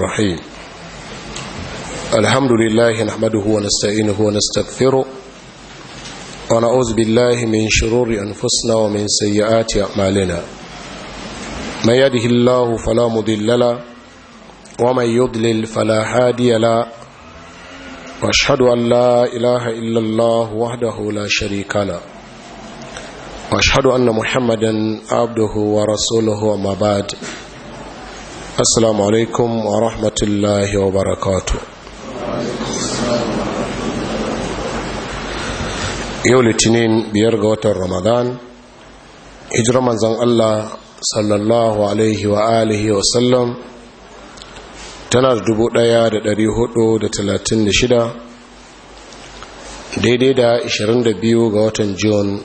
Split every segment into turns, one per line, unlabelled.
الرحيم الحمد لله نحمده ونستعينه ونستغفره ونعوذ بالله من شرور أنفسنا ومن سيئات أعمالنا من يده الله فلا مضل له ومن يضلل فلا هادي له واشهد أن لا إله إلا الله وحده لا شريك له واشهد أن محمدا عبده ورسوله وما بعد assalamu alaikum wa rahmatullahi wa barakatu yau litinin biyar ga watan ramadan hijirar manzan allah sallallahu alaihi wa alihi wa sallam tana da shida, daidai da biyu ga watan june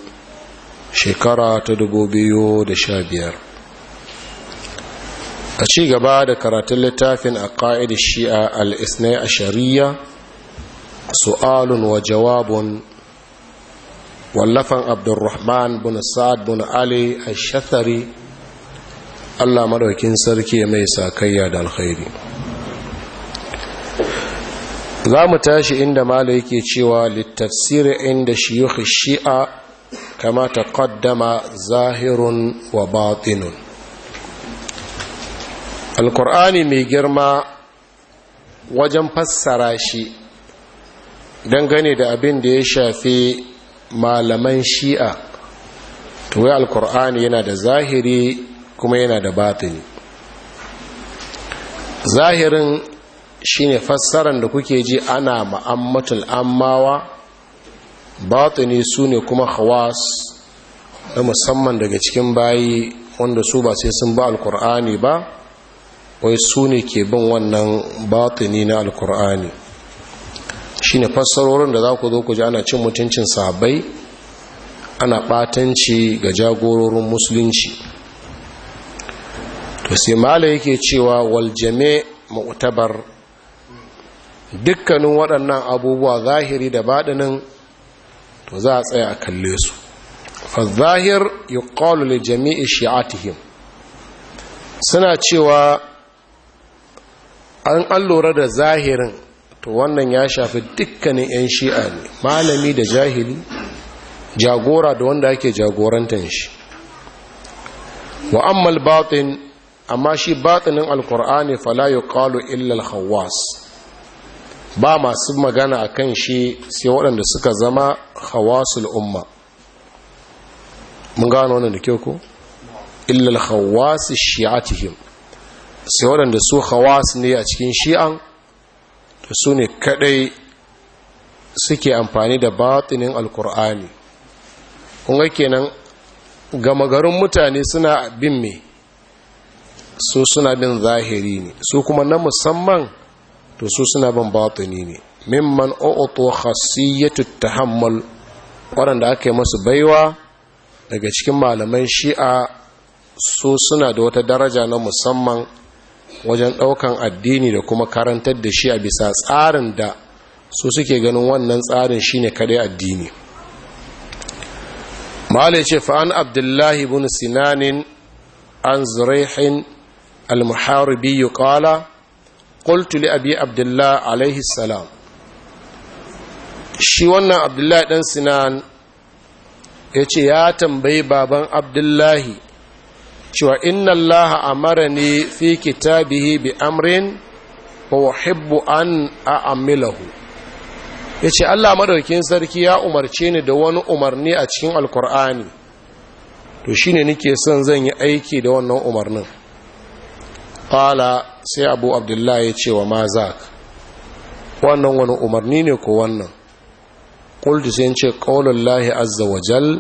shekara ta da sha biyar. a ci gaba da karatun littafin a ƙa'id shi'a al'isnai a shari'a su'alun wa jawabun wallafan abdurrahman bin sa'ad bin ali a allah maɗaukin sarki mai sakayya da alkhairi za mu tashi inda mala yake cewa littafsiri inda shiyuhi shi'a kama ta ƙaddama zahirun wa baɗinun alkur'ani mai girma wajen fassara shi dangane da abin da ya shafi malaman shi'a to wai alkur'ani yana da zahiri kuma yana da batini zahirin shine fassaran da kuke ji ana ma'ammatul ammawa batini su ne kuma hawas na musamman daga cikin bayi wanda su ba sai sun ba alkur'ani ba wai su ne ke bin wannan batini na alkur'ani shi ne fassarorin da za ku zo ku ji ana cin mutuncin sabai ana ɓatanci ga jagororin musulunci to sai mala yake cewa waljame mu'tabar dukkanin waɗannan abubuwa zahiri da baɗinin to za a tsaya a kalle su fa zahir yuqalu li jami'i shi'atihim suna cewa an an da zahirin to wannan ya shafi dukkanin 'yan shi'a ne malami da jahili jagora da wanda ake jagorantar shi wa ammal batin amma shi batinin alkur'ani fala kalu illal hawas ba masu magana a kan shi sai waɗanda suka zama hawasul umma mun gano wannan da kyau ko illal alhawas shi'atihim sai waɗanda su hawas ne a cikin shi'an to su ne kaɗai suke amfani da batinin alkur'ani kuma kenan gama garin mutane suna bin me su suna bin zahiri ne su kuma na musamman to su suna bin batini ne mimman o'oto tutta tahammal waɗanda aka yi masu baiwa daga cikin malaman shi'a su suna da wata daraja na musamman wajen ɗaukan addini da kuma karantar da shi a bisa tsarin da su suke ganin wannan tsarin shine kadai addini malai ce fa'an abdullahi bin sinanin an zurehin al-muharibi kala ƙultuli abi abdullahi alaihi salam shi wannan abdullahi dan sinan ya ce ya tambayi baban abdullahi cewa inna allaha ne fi kitabihi bi amrin wa uhibbu an a'amilahu yace Allah madaukin sarki ya umarce ni da wani umarni a cikin alkur'ani to shine nake son zan yi aiki da wannan umarnin qala sai abu abdullahi ya ce wa mazak wannan wani umarni ne ko wannan qultu sai ce qaulullahi azza wa jal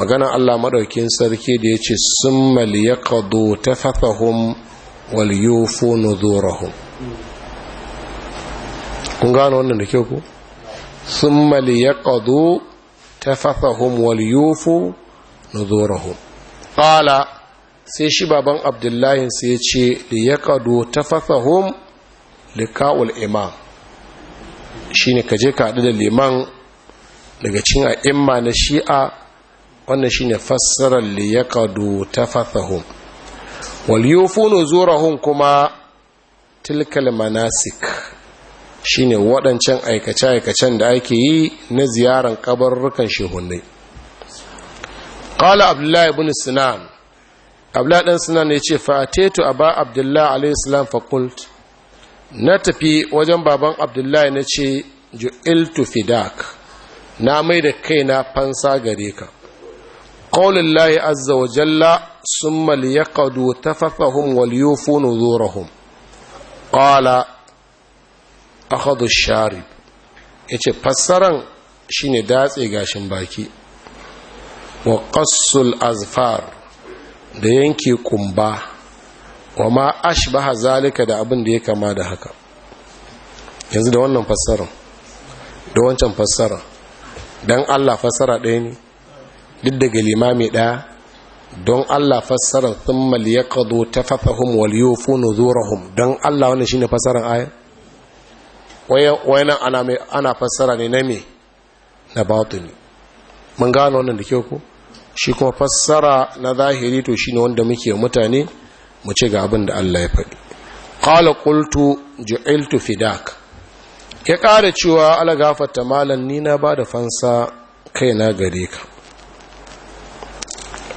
magana Allah maɗaukin sarki da ya ce sun maliya ƙado ta waliyufu na kun gano wannan da kyau ku? sun maliya ƙado ta waliyufu na nuzurahun ƙala sai shi baban abdullahi sai ya ce liya ƙado ta fathahun likawul imam shi ne kaje kaɗu da liman daga cin a'imma na shi'a wannan shine fassarar li yaqadu tafathahum wal yufunu zurahum kuma tilkal manasik shine waɗancan aikace-aikacen da ake yi na ziyaran kabarrukan shehunne qala abdullah ibn sinan abdullah dan sinan yace fa ataitu aba abdullah alayhi salam fa qult na tafi wajen baban abdullah nace ju'iltu fidak na mai da kaina fansa gare ka ƙaunin layi jalla sun maliyakadu ta fafahun waliyofo nuzurahun ƙala akhadu sharib ya ce fassaran shi ne datse gashin baki wa ƙassul azfar da yanke kumba wa ma ashbaha zalika da abin da ya kama da haka yanzu da wannan fassarar da wancan fassara don allah fassara ɗaya ne duk daga limami ɗaya don Allah fassarar thummal ya kado ta fafahun waliyofu nuzurahum don Allah wani shine fassarar aya wani ana fassara ne na me na ne mun gano wannan da kyau ko shi kuma fassara na zahiri to shine wanda muke mutane mu ci ga abin da Allah ya faɗi qala ƙultu ju'iltu fidak ya ƙara cewa ala malam malan ni na da fansa kaina gare ka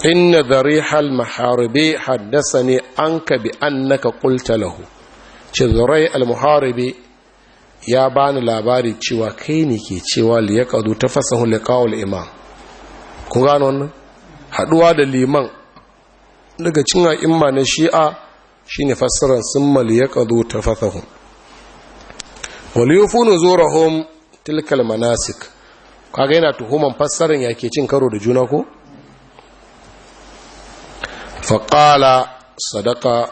inna zarihal maharibi haddasa ne an ka bi annaka qulta lahu ce zurai al-muharibi ya bani labari cewa kai ne ke cewa liyaqadu tafasahu liqa'ul imam ku gano wannan haduwa da liman daga cin a'imma na shi'a shine fassaran summa liyaqadu tafasahu wal yufunu zurahum tilkal manasik kaga yana tuhuman fassaran yake cin karo da juna ko faƙala sadaka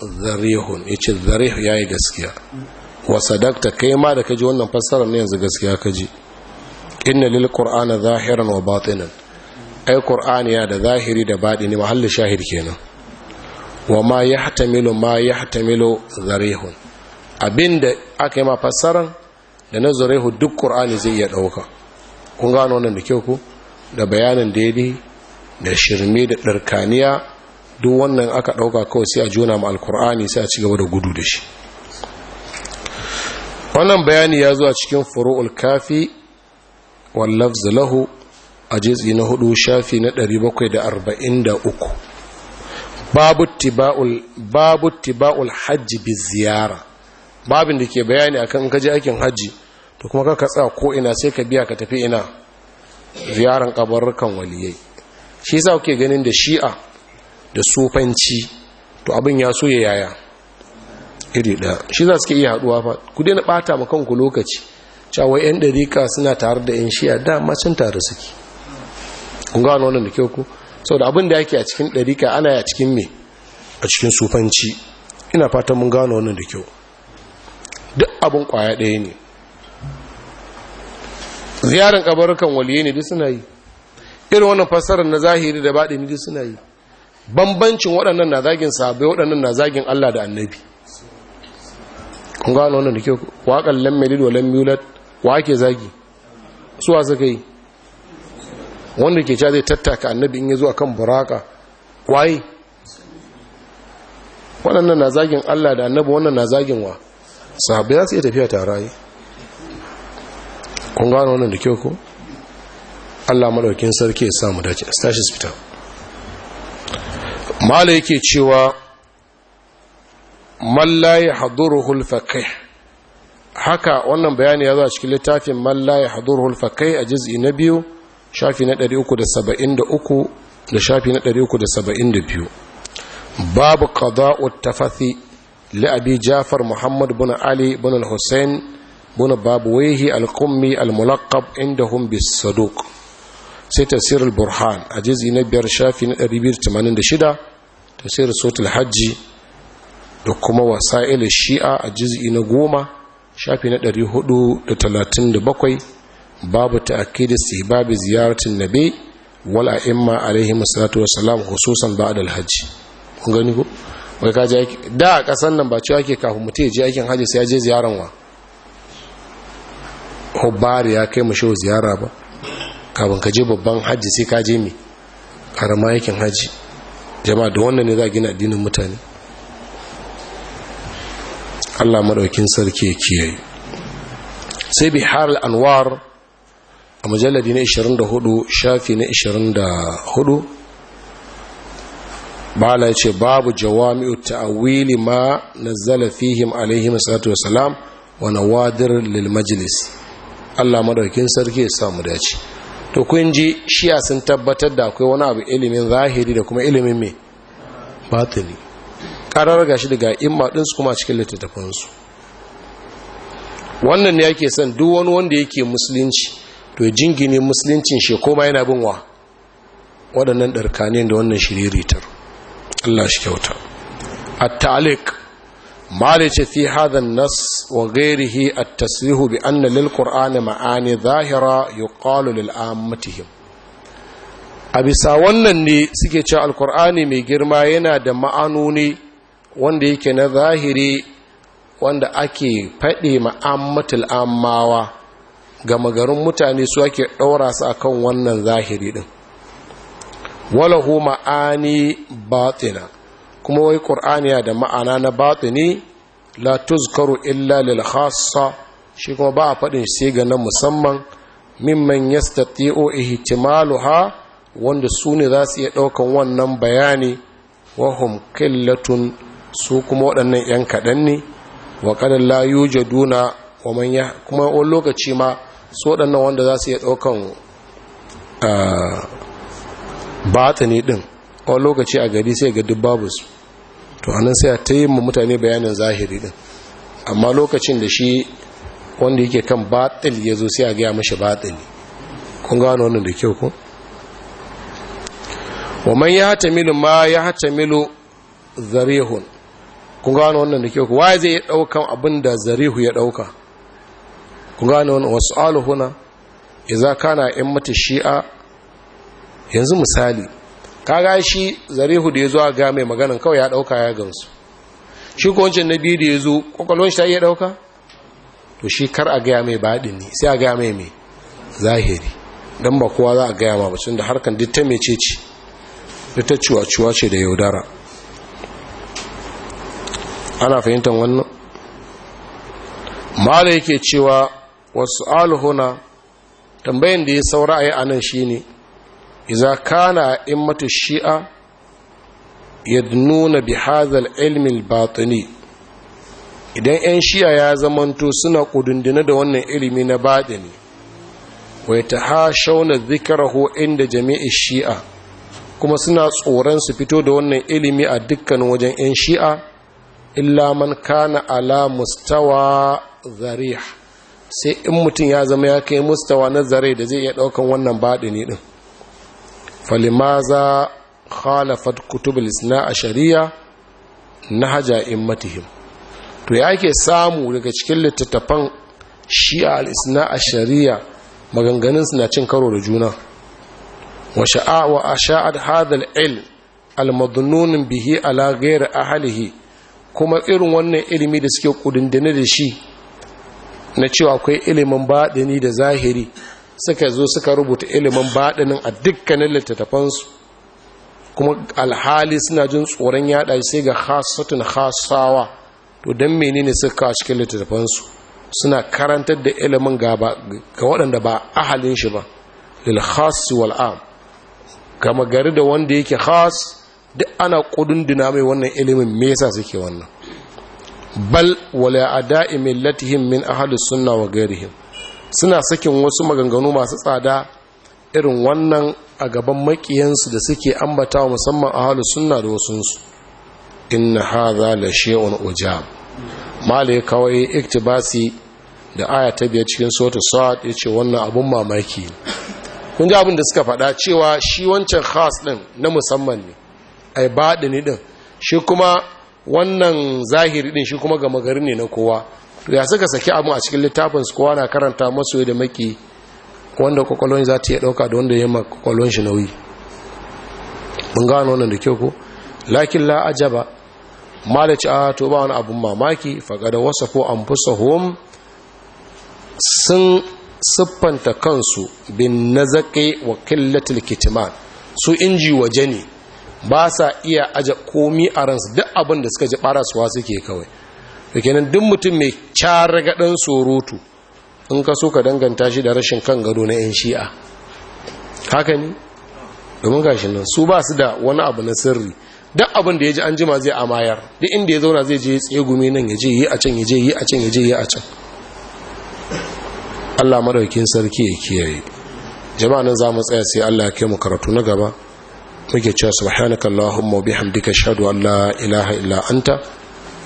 zarihun ya ce zarih ya yi gaskiya wa sadakta kai ma da kaji wannan fassarar ne yanzu gaskiya kaji inna lil qur'ana zahiran wa batinan ai qur'ani ya da zahiri da batini mahallin shahid kenan wa ma yahtamilu ma yahtamilu zarihun abinda aka yi ma fassarar da na zarihu duk qur'ani zai iya dauka kun gano wannan da kyau ku da bayanin da daidai da shirme da ɗarkaniya duk wannan aka ɗauka kawai sai a jona ma alkur'ani sai a ci gaba da gudu da shi wannan bayani ya zo a cikin furu'ul kafi wallaf zalahu a jizi na hudu shafi na 743 babu tiba'ul hajji bi ziyara babin da ke bayani akan je aikin hajji to kuma ka katsa ko ina sai ka biya ka tafi ina ziyaran kabarrukan waliyai shi sa kuke ganin da shi'a da sufanci to abin ya so ya yaya iri ɗaya shi za su ke iya haɗuwa fa ku daina ɓata ma kanku lokaci cewa yan ɗarika suna tare da yan shiya dama can tare suke kun gano wannan da kyau ku saboda abin da yake a cikin ɗarika ana a cikin me a cikin sufanci ina fatan mun gano wannan da kyau duk abin kwaya ɗaya ne ziyarar kabarukan waliye ne duk suna yi irin wannan fassarar na zahiri da baɗi ne duk suna yi bambancin waɗannan na zagin sahabbai waɗannan na zagin Allah da annabi kun gano wannan da ke waƙan lammelid wa lammulat wa ake zagi Su wa suka yi wanda ke ca zai tattaka annabi in yi zuwa kan buraka waye waɗannan na zagin Allah da annabi wannan na zagin wa sahabbai za su iya tafiya tare kun gano wannan da ke ku Allah madaukin sarki ya samu dace stasis fita mala yake cewa mallaye haduruhul fakai haka wannan bayani ya zo a cikin littafin mallaye haduruhul fakai a jiz'i na biyu shafi na 373 da shafi na 372 babu qada'ut tafathi li abi jafar muhammad Buna ali Buna Hussein Buna Babu Waihi al-qummi al-mulaqab indahum bis Saduk sai tafsir al-burhan a jiz'i na biyar shafi na 286 da sai risotul hajji da kuma ila shi'a a jizi na goma shafi na 437 babu ta'akkidi sibabi ziyaratin nabi wal a'imma alaihi wasallatu wassalam hususan ba'da al-hajj kun gani ko wai ka je da a kasan nan ba cewa ke kafin mutu ya je aikin hajji sai ya je ziyaran wa bari ya kai mu shehu ziyara ba kafin ka je babban hajji sai ka je me karama yakin hajji jama'a da wannan ne za gina addinin mutane Allah maɗaukin sarki ya kiyaye sai bi har anwar a majalladi na 24 shafi na 24 bala ya ce babu jawami'u ta'awili ma nazzala fihim alaihim salatu Salam wa nawadir lil majlis Allah maɗaukin sarki ya samu dace to kun ji shi'a sun tabbatar da akwai wani abu ilimin zahiri da kuma ilimin mai batini karar shi daga imma ɗinsu kuma cikin littattafansu wannan ne yake son duk wani wanda yake musulunci to jingine musuluncin shi koma yana bin wa waɗannan ɗarkanin da wannan shiriritar Allah shi kyauta a malice fi hadan nas wa gairihi a tasrihu bi anna qur'ani ma'ani zahira yuqalu lil ammatihim a bisa wannan ne suke cewa alkur'ani mai girma yana da ma'anoni wanda yake na zahiri wanda ake faɗi ma'ammatul ammawa gama garin mutane su ake ɗaura su akan wannan zahiri ɗin walahu ma'ani batsina. kuma wai ƙur'ani ya da ma'ana na batini la tuzkaru illa lil khassa shi kuma ba a faɗin sai ga nan musamman mimman yastati'u ha wanda su ne za su iya ɗaukan wannan bayani wahum qillatun su kuma waɗannan yan kaɗan ne wa qad layu jaduna wa manya kuma wani lokaci ma su waɗannan wanda za su iya ɗaukan ah, batini ɗin a lokaci a gari sai ga duk su to anan sai a ta mutane bayanin zahiri din amma lokacin da shi wanda yake kan batil ya zo sai a gaya mashi batili kun gano wannan da kyau ko wa man ya hatamilu ma ya hatamilu zarihun kun gano wannan da kyau ko waye zai dauka abin da zarihu ya dauka kun gano wannan wasu aluhuna idza kana in mata shi'a yanzu misali kaga shi zarihu da ya zo a ga mai maganan kawai ya ɗauka ya gansu shi ko wancan na biyu da ya zo kwakwalwar shi ta iya ɗauka to shi kar a gaya mai baɗi ne sai a gaya mai mai zahiri don ba kowa za a gaya ma bacin da harkar duk ta mece ce duk ta ciwa-ciwa ce da yaudara ana fahimtar wannan da yake cewa wasu alhuna tambayin da ya saura a yi anan shi iza kana immatu shi'a yadnuna bi hadhal ilmi al idan 'yan shi'a ya zamanto suna kudundune da wannan ilimi na batini wa yatahashawna dhikrahu inda jami'in shi'a kuma suna tsoron su fito da wannan ilimi a dukkan wajen 'yan shi'a illa man kana ala mustawa zarih sai in mutum ya zama ya kai mustawa na zare da zai iya daukan wannan batini din falimaza khalafat kutubul isna a shari'a na haja immatihim to ya ke samu daga cikin littattafan shi'a al-isna a shari'a maganganun suna cin karo da juna wa sha'awa a sha'ad hadal il almadununin bihi ala gairar ahalihi kuma irin wannan ilimi da suke kudindini da shi na cewa akwai ilimin baɗini da zahiri suka zo suka rubuta ilimin baɗinin a dukkanin littattafansu kuma alhali suna jin tsoron yaɗa sai ga hasatun hasawa to don menene suka kawo cikin littattafansu suna karantar da ilimin ga waɗanda ba ahalin shi ba lil khasi gama gari da wanda yake has duk ana kudunduna mai wannan ilimin me yasa suke wannan bal wala ada'i millatihim min ahli sunna wa ghairihim suna sakin wasu maganganu masu tsada irin wannan a gaban makiyansu da suke ambata wa musamman a halu sunna da wasunsu inna hadha la shay'un ujab malai kawai iktibasi da aya ta biyar cikin sota sa'ad ce wannan abun mamaki kun ji abin da suka faɗa cewa shi wancan khas din na musamman ne ai ne din shi kuma wannan zahiri din shi kuma gama gari ne na kowa ya suka saki abu a cikin littafin su kowa na karanta masu da maki wanda kwakwalon za ta iya ɗauka da wanda ya ma kwakwalon shi nauyi mun gano wannan da kyau ko lakin la ajaba ci a to ba wani abun mamaki fagada wasa ko an fusa hom sun siffanta kansu bin na zaƙe wa killatul kitiman su inji waje ne ba sa iya aja komi a ransu duk abin da suka ji wasu suke kawai da kenan duk mutum mai cara ɗan surutu in ka so ka danganta shi da rashin kan gado na 'yan shi'a haka ne domin gashi nan su ba su da wani abu na sirri duk abin da ya ji an jima zai amayar duk inda ya zauna zai je tsegumi tsaye gumi nan ya je yi a can ya je yi a can ya je yi a can Allah madaukin sarki ya kiyaye jama'a nan za mu tsaya sai Allah ya kai mu karatu na gaba muke cewa subhanakallahumma wa bihamdika ashhadu an la ilaha illa anta